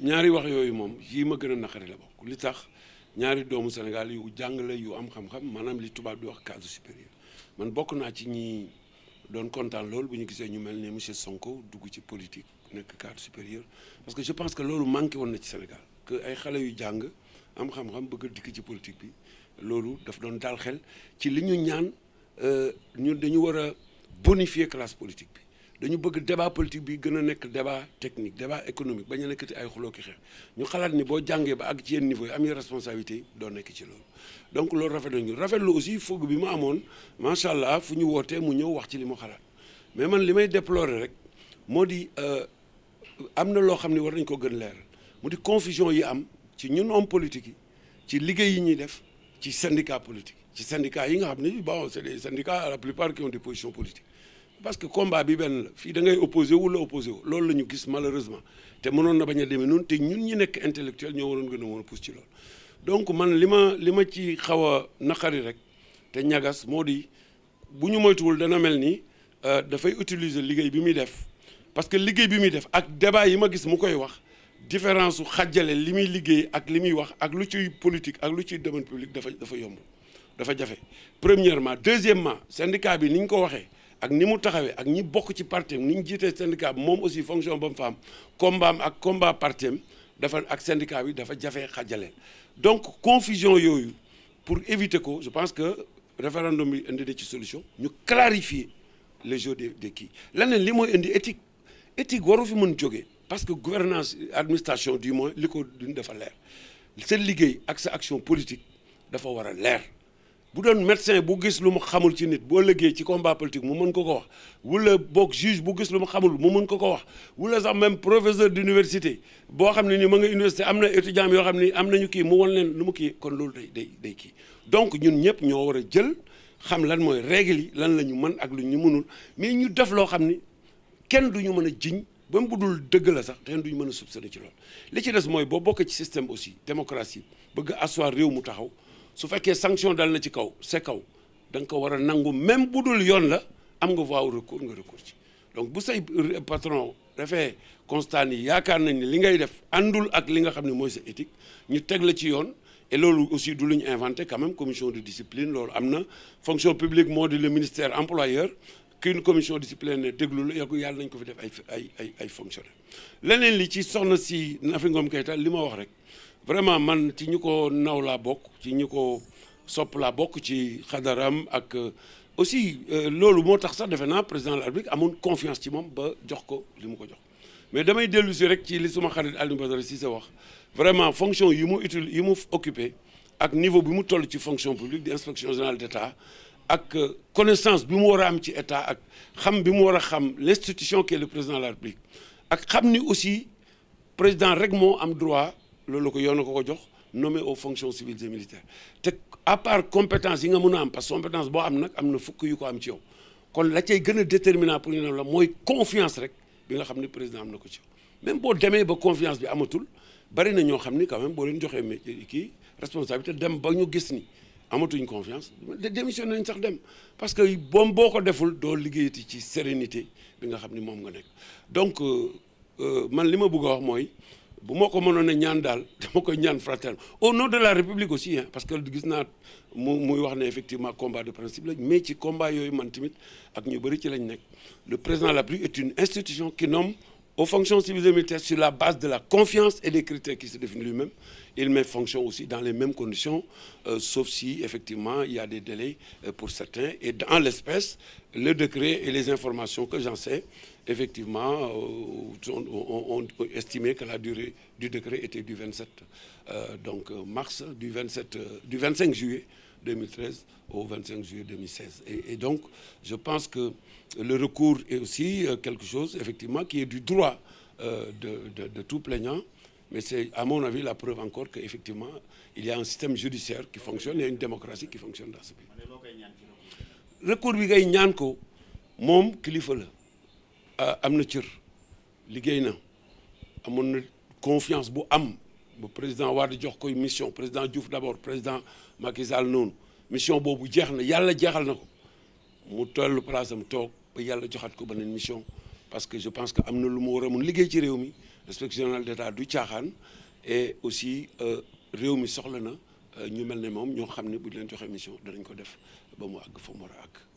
ñaari wax yooyu moom yii ma gën a naqari la bokk li tax ñaari doomu Sénégal yu jàngale yu am xam-xam maanaam li tubaab di wax cadre supérieur man bokk naa ci ñi doon kontaan loolu bu ñu gisee ñu mel ni monsieur Sonko dugg ci politique nekk cadre supérieur parce que je pense que loolu manqué woon na ci Sénégal que ay xale yu jàng am xam-xam bëgg a dikk ci politique bi loolu daf doon dal xel ci li ñu ñaan euh, ñu dañu war a bonifier classe politique bi dañu bëgg débat politique bi gën a nekk débat technique débat économique bañ a nekkati ay xuloo ki xeex ñu xalaat ni boo jàngee ba ak ci yenn niveau yi am responsabilité yi doo nekk ci loolu donc loolu rafet nañu rafetlu aussi fugg bi mu amoon macha allah fu ñu wootee mu ñëw wax ci li mu xalaat mais man li may déplorer rek moo di euh, am na loo xam ne war nañ ko gën leeral mu di confusion yi am ci ñun homme politique yi ci liggéey yi ñuy def ci syndicat politique ci syndicat yi nga xam ne bon c'est des syndicats la plupart qui parce que combat bi benn la fii da ngay opposé wu la opposé wu loolu la ñu gis malheureusement te mënoon na bañ a demee noonu te ñun ñi nekk intellectuel ñoo waroon gën a woon pousse ci loolu donc man li ma li ma ci xawa naqari rek te ñagas moo di bu ñu moytuwul dana mel ni euh, dafay utiliser liggéey bi muy def parce que liggéey bi muy def ak débat yi ma gis mu koy wax différence su xajale li muy liggéey ak li muy wax ak lu ciy politique ak lu ciy domaine public dafa dafa yomb dafa jafe premièrement deuxièmement syndicat bi ni ñu ko waxee ak ni mu taxawee ak ñi bokk ci parti ni ñu jiitee syndicat bi moom aussi fonction ba mu fa combat am ak combat parti am dafa ak syndicat bi dafa jafee xajale donc confusion yooyu pour éviter ko je pense que référendum yi indi ci solution ñu clarifier les jeux de de kii leneen li mooy indi étique éthique waru fi mën jógee parce que gouvernance administration du mooy li ko duñ dafa leer sa liggéey ak sa action politique dafa war a leer bu doon médecin bu gis lu mu xamul ci nit boo liggéey ci combat politique mu mën ko ko wax wala boog juge bu gis lu mu xamul mu mën ko ko wax wala sax même professeur d' université boo xam ne nii ma nga université am na étudiant yoo xam ni am nañu kii mu wan leen lu mu kii kon loolu day day day kii donc ñun ñëpp ñoo war a jël xam lan mooy règle yi lan la ñu mën ak lu ñu mënul mais ñu def loo xam ni kenn du ñu mën a jiñ ba mu bu dul dëgg la sax kenn du ñu mën a soupçonné ci li ci des mooy boo bokkee ci système aussi démocratie bëgg asseoir réew mu taxaw su fekkee sanction dal na ci kaw sa kaw da ko war a nangu même bu dul yoon la am nga voie recours nga recours ci donc bu say patron dafee constat ni yaakaar nañ ne li ngay def àndul ak li nga xam ne mooy sa éthique ñu teg la ci yoon et loolu aussi du lu ñu inventé quand même commission de discipline loolu am na fonction publique moo di le ministère employeur qu'une commission disciplinaire déglu la yàgg yàlla nañ ko fi def ay ay ay ay leneen li ci soxna si Nafi Ngom li ma wax rek vraiment man ci ñu ko naw laa bokk ci ñu ko sopp bokk ci xadaram ak euh, aussi euh, loolu moo tax sax defe na président la République amoon confiance ci moom ba jox ko li mu ko jox mais damay dellu rek ci li suma xarit Alioune Badara Cissé wax vraiment fonction yi mu utile yi mu occupé ak niveau bi mu toll ci fonction publique di inspection générale d'État ak euh, connaissance bi mu war a am ci état ak xam bi mu war a xam l'institution qu'est le président de la République ak xam ni aussi président rek moo am droit loolu ko yoon ko ko jox nommé aux fonctions civiles et te à part compétence yi nga mun a am parce que compétence boo am nag am na fukk yu ko am ci yow kon la cay gën a déterminant pour ñu ne la mooy confiance rek bi nga xam ne président am na ko ci yow même boo demee ba confiance bi amatul bari na ñoo xam ni quand même boo leen joxee mais kii responsabilité dem ba ñu gis ni amatuñ confiance démission nañ sax dem parce que boom boo ko deful doo liggéeyati ci sérénité bi nga xam ni moom nga nekk donc euh, euh, man li ma bëgg a wax mooy bu moo ko mënoon a ñaan daal dama ko ñaan fratel au nom de la république aussi hein parce que gis naa mu muy wax ne effectivement combat de principe lañ mais ci combat yooyu man tamit ak ñu bëri ci lañ nekk le président la République est une institution ki nomme aux fonctions civiles et militaires sur de la confiance et des critères qui se définissent lui-même. Il met fonction aussi dans euh, effectivement y des délais euh, pour certains. Et dans l'espèce, le décret et les informations que j'en sais, effectivement, euh, ont, on, on estimé que la durée du décret était du 27, euh, donc mars, du, 27, du 25 juillet 2013 au 25 juillet 2016. Et, et, donc, je pense que le recours est aussi euh, quelque chose, effectivement, qui est du droit euh, de, de, de, tout plaignant. Mais c'est, à mon avis, la preuve encore qu'effectivement, il y a un système judiciaire qui fonctionne et une démocratie qui fonctionne dans ce pays. recours bi ngay ñaan ko moom kilifa la ah, am na cër liggéey na amoon na confiance bu am bu président Wade jox koy mission président Diouf d'abord président Macky noonu mission boobu jeex na yàlla jeexal na ko mu toll place am toog ba yàlla joxaat ko ba beneen mission parce que je pense que am na lu mu war a liggéey ci réew mi inspection générale d'État du caaxaan et aussi euh, réew mi soxla na euh, ñu mel ne moom ñoo xam ne bu ñu leen joxe mission danañ ko def ba mu àgg fa mu war a àgg